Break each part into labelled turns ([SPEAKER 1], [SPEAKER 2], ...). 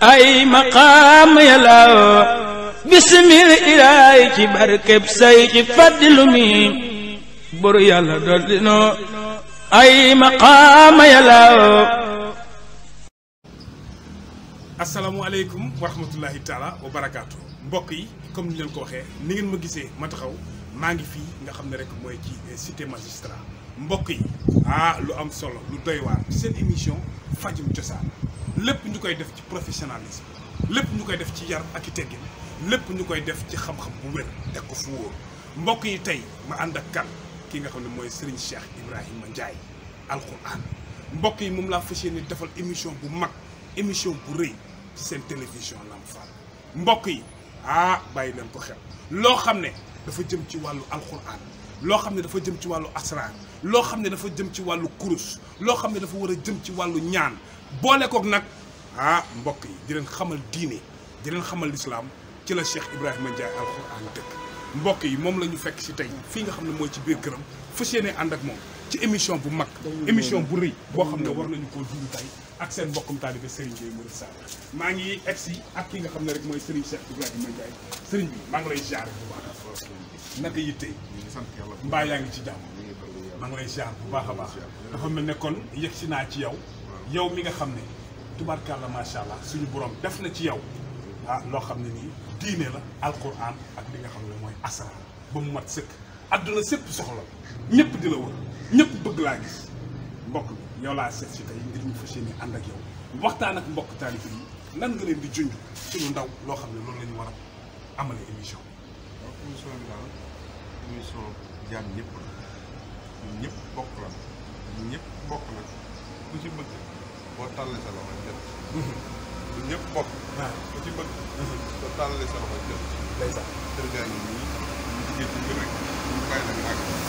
[SPEAKER 1] ay maqaam yàllaaw bisimil ilaay ci barkeb say ci faddilu mi buru yàlla dinoo ay maqaam yàllaaw asalaamualeykum wa rahmatullahi taala wa barakaatu mbokk yi comme ni leen ko waxee ni ngeen ma gisee ma taxaw maa ngi fii nga xam ne rek mooy ci eh, cité magistrat mbokk yi ah lu am solo lu doy waar seen émission fajum cosaan lépp ñu koy def ci professionnalisme lépp ñu koy def ci yar ak i teggin lépp ñu koy def ci xam-xam bu wér teg ko fu wóor mbokk yi tey ma ànd ak kan ki nga xam ne mooy Serigne Cheikh Ibrahima Ndiaye alquran mbokk yi moom laa fas yéene defal émission bu mag émission bu rëy ci seen télévision Lamp Fall mbokk yi ah bàyyi leen ko xel loo xam ne dafa jëm ci wàllu alquran loo xam ne dafa jëm ci wàllu asrar loo xam ne dafa jëm ci wàllu kurus loo xam ne dafa war a jëm ci wàllu ñaan boole kook nag ah mbokk yi di leen xamal diine di leen xamal lislaam ci la Cheikh Ibrahima Ndiaye alxuraan dëkk mbokk yi moom la ñu fekk si tey fii nga xam ne mooy ci biir këram fas yéene ànd ak moom ci émission bu mag émission bu rëy boo xam ne war nañu ko dund tey ak seen mbokkum taalibe Serigne Gueye Mouride Sarr maa ngi egg si ak ki nga xam ne rek mooy Serigne Cheikh Ibrahima Ndiaye Serigne bi maa ngi lay ziar bu baax naka yitte mbaa yaa ngi ci jàmm maa ngi lay ziar bu baax a baax dafa mel ne kon yegg si naa ci yow yow mi nga xam ne tubaarkàlla macha allah suñu borom def na ci yow ah loo xam ne nii diine la alquran ak li nga xam ne mooy asra ba mu mat sëkk àdduna sépp soxla ñëpp di la wër ñëpp bëgg laa gis mbokk bi laa seet si ànd ak yow waxtaan ak mbokk taalibe lan nga leen di ndaw loo xam ne loolu la ñu war a émission waaw émission bi la ñun bokk la
[SPEAKER 2] ñun bokk la ku ci bëgg boo tàllee sa loxo jot mhm. ñëpp bokk ah. ku ci bëgg soo mhm. tàllee yi nii ñu ci
[SPEAKER 1] biir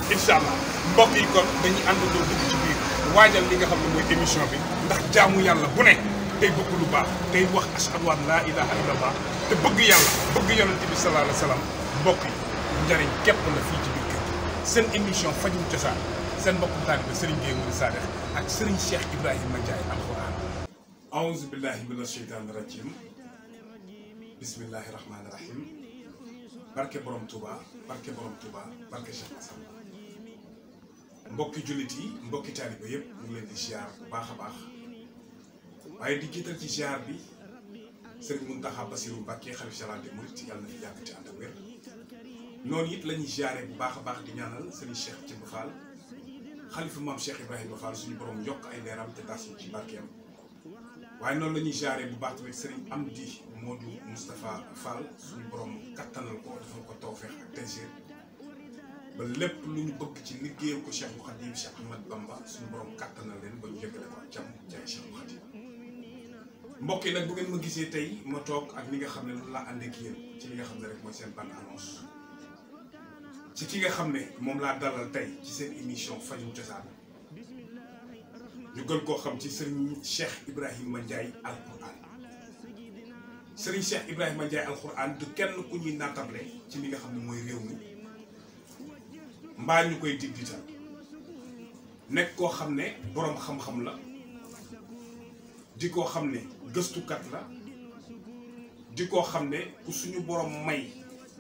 [SPEAKER 1] rek allah mbokk yi kon dañuy àndandoo dugg ci biir waajal li nga xam ne mooy émission bi ndax jaamu yàlla bu ne tey bëgg lu baax tey wax ashhadu an laa ilaha illallah te bëgg yàlla bëgg yonent bi sallallahu alayhi mbokk yi njariñ képp la fii ci biir kër seen émission fajum cosaan seen mbokku taalibe Serigne Gueye Mouride Sadikh ak Serigne Cheikh Ibrahima Ndiaye alxuraan awuzu billahi mina sheytaani rajim bismillahi rahmaani rahim barke borom Touba barke borom Touba barke Cheikh Samba mbokki jullit yi mbokki taaliba yëpp ñu ngi leen di ziar bu baax a baax waaye di jiital ci ziar bi sëriñ Mountakha Bassirou Mbacké xalif général des mourides yàlla na fi yàgg te ànd ak wér noonu it la ñuy ziare bu baax a baax di ñaanal sëriñ Cheikh Thiam Fall xalifu maam Cheikh Ibrahima Fall suñu borom yokk ay leeram te taas ñu ci barkeem. waaye noonu la ñuy jaare bu baax tamit sëriñ Amdi Modou Moustapha Fall suñu borom kattanal ko defal ko tawfeex ak tayseer ba lépp lu ñu bëgg ci liggéeyal ko Cheikh Khadim Cheikh Ahmad Bamba suñu borom kattanal leen ba ñu yëgale ko ak jàmm jaay mbokk yi nag bu ngeen ma gisee tey ma toog ak li nga xam ne noonu laa ànd yéen ci li nga xam ne rek mooy seen ban ki nga xam ne moom laa dalal tey ci seen émission fajum cosaan ñu gën koo xam ci sëriñ Cheikh Ibrahima Ndiaye alquran sëriñ Cheikh Ibrahima Ndiaye alquran du kenn ku ñuy naatable ci li nga xam ne mooy réew mi mbaa ñu koy diggital nekk koo xam ne boroom xam-xam la di koo xam ne gëstukat la di koo xam ne ku suñu boroom may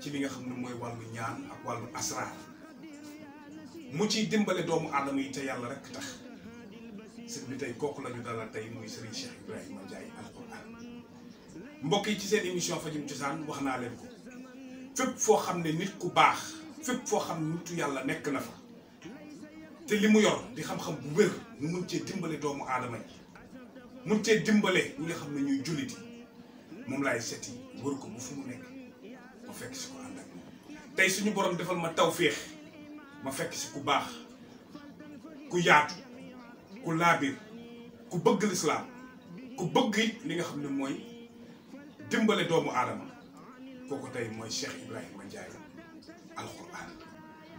[SPEAKER 1] ci li nga xam ne mooy wàllu ñaan ak wàllu asraar mu ciy dimbale doomu aadama yi te yàlla rekk tax ni tey kooku la ñu dalal tey muy Serigne Cheikh jaay Ndiaye Al Quran mbokk yi ci seen émission fajum cosaan wax naa leen ko fépp foo xam ne nit ku baax fépp foo xam ne nitu yàlla nekk na fa te li mu yor di xam-xam bu wér ñu mun cee dimbale doomu aadama yi mun cee dimbale ñi nga xam ne ñuy jullit yi moom laay seeti wër ko bu fu mu nekk ma fekk si ko ànd ak tey suñu borom defal ma tawféex ma fekk si ku baax ku yaatu. ku laabir ku bëgg lislaam ku bëgg li nga xam ne mooy dimbale doomu aadama kooku tey mooy Cheikh Ibrahima Ndiaye alxuraan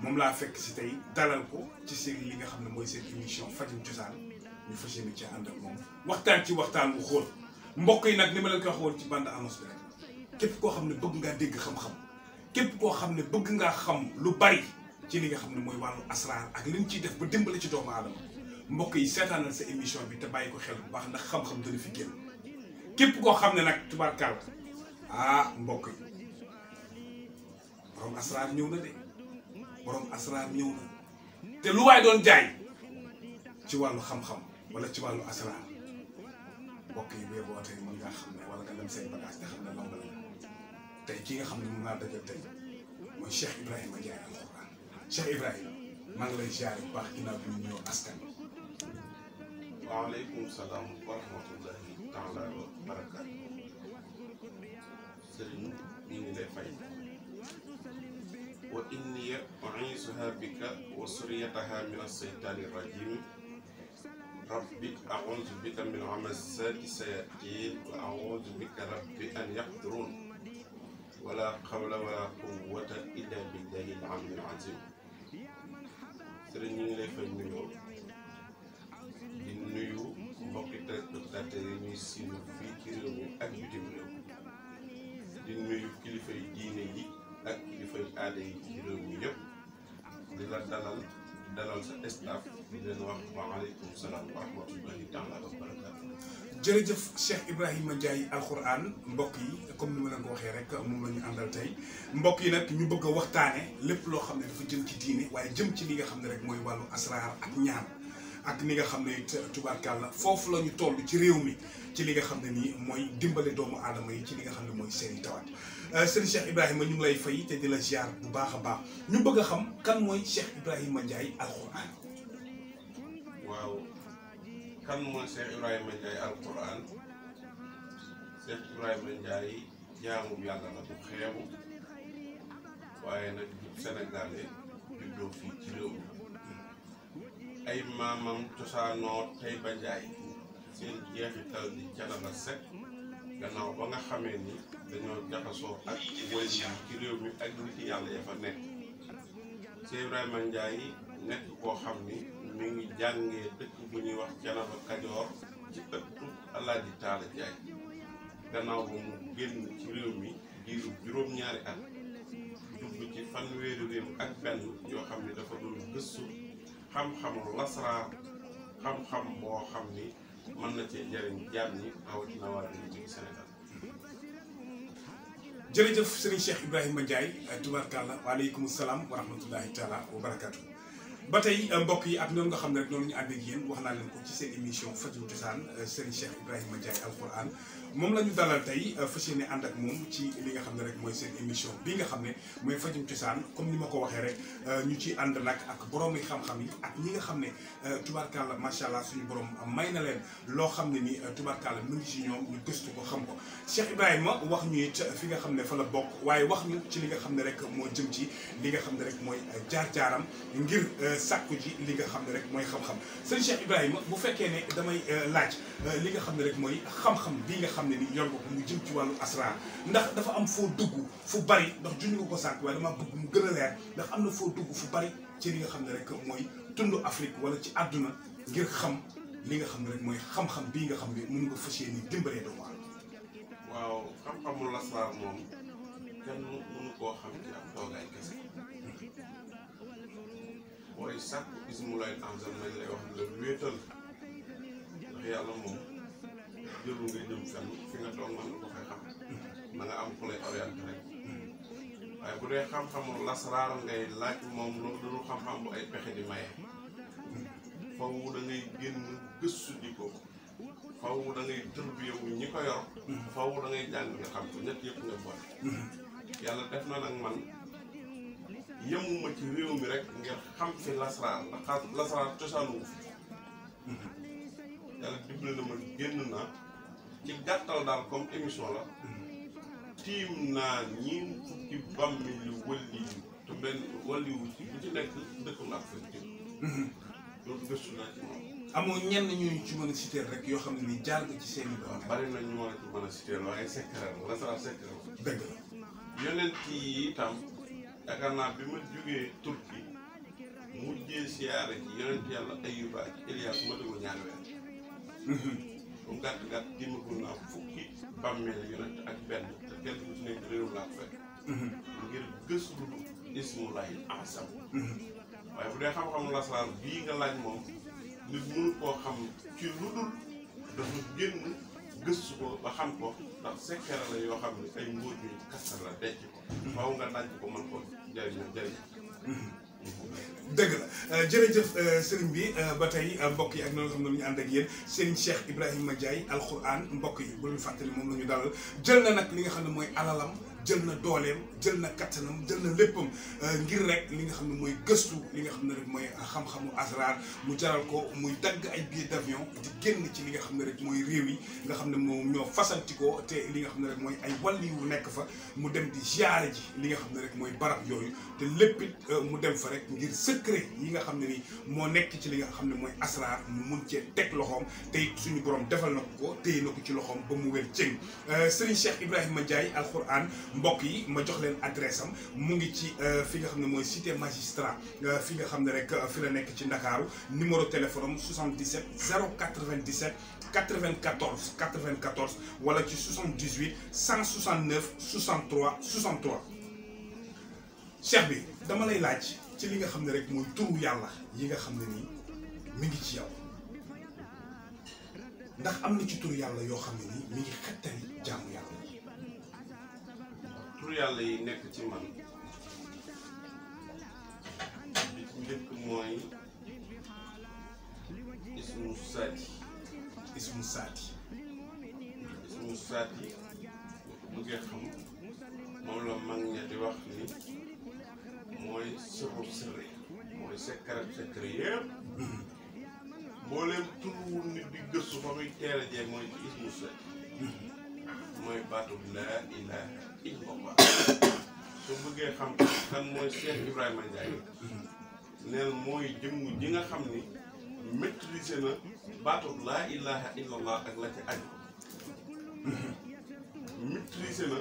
[SPEAKER 1] moom laa fekk si tey dalal ko ci seen li nga xam ne mooy seen émission fajum cosaan ñu fas yéene ci ànd ak moom waxtaan ci waxtaan wu xóot mbokk yi nag ni ma leen ko waxoon ci bande annonce képp koo xam ne bëgg ngaa dégg xam képp koo xam ne bëgg ngaa xam lu bari ci li nga xam ne mooy wàllu asraar ak li ñu ciy def ba dimbale ci doomu aadama mbokk yi seetaanal sa émission bi te bàyyi ko xel bu baax ndax xam-xam dana fi génn képp koo xam ne nag tubaarkàlla ah mbokk yi borom asraar ñëw na doon jaay ci wàllu xam ci wàllu asraar mbokk yi bee boo tey mën ngaa xam ne wala nga dem seen bagage te xam ne lomb la tey ki nga xam ne mun naa dajal tey mooy Cheikh Ibrahima Ndiaye alxuraan Cheikh Ibrahima maa ngi lay ziare bu baax ginnaaw bi ñu ñëw askan
[SPEAKER 2] waaleykum salaam wa rahmatullahi taala wa barakaatu sëriñ ñu ngi lay fay wa inniya u'iisuha bika wa suriyataha min asseytaani rajim rabbi a'uuzu bika min hamazaati sayaatiin wa a'uuzu bika rabbi an yaxduruun wala xawla wala quwwata illa billahi al-aliyyil aziim sëriñ ñu ngi lay fay nuyoo nuyu mbokki téléspectateurs yi ñuy suivre fii ci réew mi ak di nuyu kilifa yi diine yi ak di la dalal dalal sa salaam
[SPEAKER 1] wa rahmatullahi taala wa barakaatu jërëjëf Cheikh Ibrahima Ndiaye alxuraan mbokk yi comme ni ma leen ko waxee rek moom la ñu àndal tey mbokk yi nag ñu bëgg a waxtaane lépp loo xam ne dafa jëm ci diine waaye jëm ci li nga xam ne rek mooy wàllu asraar ak ñaan ak ni nga xam ne it tubaarkàlla foofu la ñu toll ci réew mi ci li nga xam ne nii mooy dimbale doomu aadama yi ci li nga xam ne mooy seeni tawat euh, sëriñ Cheikh Ibrahima ñu lay fay te di la ziar bu baax a baax ñu bëgg a xam kan mooy Cheikh Ibrahima Ndiaye alquran.
[SPEAKER 2] waaw kan mooy Cheikh Ibrahima Ndiaye alquran Cheikh Ibrahima yàlla la bu xeebu waaye nag Sénégalais juddoo fii ci réew mi. ay maamam cosaanoo tey ba njaay seen jeexital di Thiénaba Seck gannaaw ba nga xamee ni dañoo jaxasoo ak wëy ci réew mi ak nit yàlla ya fa nekk Cheikh Ibrahima Ndiaye nekk koo xam ni mu ngi jàngee dëkk bu ñuy wax Thiénaba Kajoor ci ëttu Alaaji Taala Njaay gannaaw ba mu génn ci réew mi diiru juróom-ñaari at dugg ci fanweeri réew ak benn yoo xam ni dafa doon gëstu xam-xamul lasraar
[SPEAKER 1] xam-xam boo xam ni mën na cee jëriñ jaam ni rawatina waa réew Sénégal jërëjëf sëriñ Cheikh Ibrahima Ndiaye tubaarkàlla waaleykum salaam wa rahmatullahi taala wa barakaatu. ba tey mbokk yi ak noonu nga xam ne rek noonu ñu ànd ak wax naa leen ko ci seen émission fajru cosaan sëriñ Cheikh Ibrahima Ndiaye alquran moom la ñu dalal tey euh, fas yéene ànd ak moom ci li nga xam ne rek mooy seen émission bii nga xam ne mooy fajum cosaan comme ni ma ko waxee rek euh, ñu ci ànd nag ak boroomi xam-xam yi ak ñi nga xam ne euh, tubaarkàlla macha allah suñu borom may na leen loo xam ne ni tubaarkàlla mu ngi ci ñoom ñu gëstu ko xam ko Cheikh Ibrahima wax ñu it fi nga xam ne fa la bokk waaye wax ñu ci li nga xam ne rek moo jëm ci li nga xam ne rek mooy jaar-jaaram ngir sàkku ji li nga xam ne rek mooy xam-xam sëñ Cheikh Ibrahima bu fekkee ne damay laaj li nga xam ne rek mooy xam-xam xam ne ni yor nga ko mu jëm ci wàllu asrar ndax dafa am foo dugg fu bari ndax juñu nga ko sànq waaye dama bëgg mu gën a leer ndax am na foo dugg fu bari ci li nga xam ne rek mooy tund Afrique wala ci àdduna ngir xam li nga xam ne rek mooy xam-xam bii nga xam ne mën nga fas yéene ni dimbalee doomu aadama
[SPEAKER 2] waaw xam-xamul moom kenn mënu koo xam ne ak toogaay kese mooy am sax nañ lay yàlla moom jëru ngay jëm fenn fi nga toog mën ko fay xam na nga am ku lay orienté rek waaye bu dee xam-xamu lasaraar ngay laaj moom loolu dul xam-xam bu ay pexe di maye faww da génn gëstu di ko faww da ngay tërbiyewu ñi ko yor faww da jàng nga xam ko ñett yëpp nga yàlla def na nag man yemuma ci réew mi rek ngir xam fi lasaraar cosaanu télé ci bële dama génn naa ci gàttal daal comme émission la. tiim naa ñiin fukki bàmmi lu wëlli yu te benn wëlli wu ci bu ci nekk dëkkam ak seen kër. loolu gëstu naa ci moom. amoo ñenn ñooñu
[SPEAKER 1] ci mën a citer rek yoo xam ne ni jaar nga ci seen i bari na ñu war a ci mën a
[SPEAKER 2] citer waaye secret la restaurant secret la. dëgg la. yonent yi itam yaakaar naa bi ma jógee Turquie mujjee siyaare ci yonent yàlla Ayuba ak Elias ma dugg ñaari weer. bu gàtt gàtt dimbali naa fukki bàmmeel yonent ak benn te kenn ku ci nekk réew laa fekk. Mhm. ngir gëstu ismu laay ansam. Mhm. waaye bu dee xam-xamu lasaraan bii nga laaj moom nit mënu koo xam ci lu dul dafa génn gëstu ko ba xam ko ndax sekkere la yoo xam ne ay mbóot yu kasta la denc ko. Mhm. faaw nga daj ko mën ko
[SPEAKER 1] jëriñoo jëriñ. dëgg la euh, jërëjëf euh, sëriñ bi euh, ba tey mbokk yi ak noonu xam ne ñu ànd ak yéen sëriñ Cheikh Ibrahima Ndiaye alquran mbokk yi bu ñu fàttali moom la ñu dalal jël na nag li nga xam ne mooy alalam jël na dooleem jël na kattanam jël na léppam euh, ngir rek li nga xam ne mooy gëstu li nga xam ne rek mooy xam-xamu asraar mu jaral ko muy dagg ay billet d'avion di génn li nga xam ne rek mooy réew yi nga xam ne moom ñoo fasantikoo li nga xam ne rek mooy ay wàlli wu nekk fa mu dem di ziare ji li nga xam ne rek mooy barab yooyu te lépp euh, mu dem fa rek ngir secret yi nga xam ne ni moo nekk ci li nga xam ne mooy asraar mu mun cee teg loxoom tey suñu borom defal na ko ko téye na ko ci loxoom ba mu wér cëng euh, Serigne Cheikh Ibrahima Ndiaye alquran mbokk yi ma jox leen adresse am mu ngi ci euh, fi nga xam ne mooy cité magistrat euh, fi nga xam ne rek euh, fi la nekk ci Ndakaaru numéro téléphone am 77 097 94 94 wala ci 78 169 63 bi dama lay laaj ci li nga xam ne rek mooy turu yàlla yi nga xam ne nii mi ngi ci yow ndax am na ci turu yàlla yoo xam ne nii mi ngi xettali jaamu yàlla
[SPEAKER 2] tur yàlla yi nekk ci man bi ci njëkk mooy ismu saati ismu saati ismu saati bëggee xam moom la mag ña di wax ni mooy sëru sërri mooy secret secret yëpp boo leen tur nit di gëstu fa muy teel a mooy ismu saati mooy baatub laa ilaaha illallah su bëggee xam kan mooy Cheikh Ibrahima Ndiaye neel mooy jëmm ji nga xam ni maîtriser na baatub laa ilaaha illallah ak la ca aju maîtriser na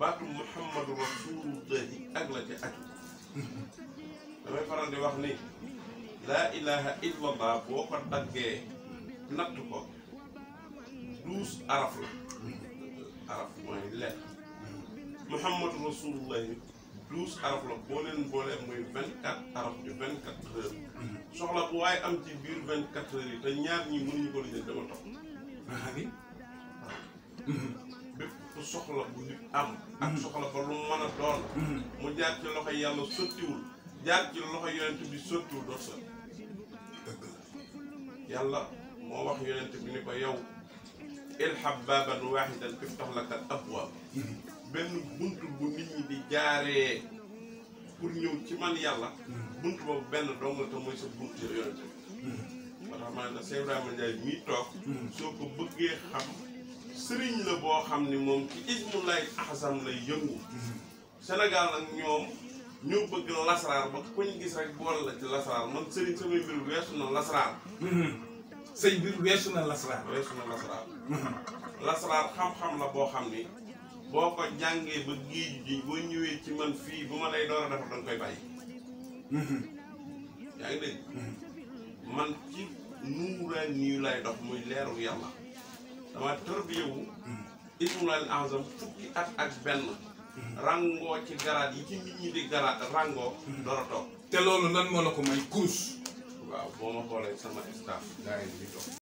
[SPEAKER 2] baatub Muhammadu Rasulullahi ak la ca aju damay faral di wax ni laa ilaha illallah boo ko daggee natt ko douze araf la araf mooy lettre Muhammadu Rasulullahi douze araf la boo leen boolee muy vingt quatre araf bi vingt quatre soxla bu waaye am ci biir vingt quatre yi te ñaar ñi mënuñu ko lijjal dama topp waaw bépp soxla bu nit am ak mm-hmm. soxla ba lu mën a doon mm-hmm. mu jaar ci loxo yàlla sottiwul jaar ci loxo yonent bi sottiwul doo sa yàlla moo wax yonent bi ni ko yow ilhab baaban waahidan tuftax laka abwaab benn bunt bu nit ñi di jaaree pour ñëw ci man yàlla bunt boobu benn dong la te sa bunt yo yonente moo ma ne la Seydou Ibrahima Ndiaye mii toog soo ko bëggee xam sëriñ la boo xam ni moom ci ismu lay ahsam lay yëngu Sénégal nag ñoom ñoo bëgg lasaraar ba kuñ gis rek boole la ci lasaraar man sëriñ samay mbir weesu na lasaraar hmm. say mbir weesu na lasaraar weesu na lasaraar lasaraar xam-xam la boo xam ni boo ko jàngee ba géej gi boo ñëwee ci man fii bu ma lay door a defar danga koy bàyyi mm-hmm. yaa ngi mm-hmm. man ci nuuraa niu lay dox muy leeru yàlla dama tërbiyewu mm-hmm. ismulal azam fukki at ak benn rangoo ci garaat yi ci nit ñi di garaat
[SPEAKER 1] ràngoo door a te loolu lan moo la ko may kuus waaw boo ma xoolee sama staff gars yi di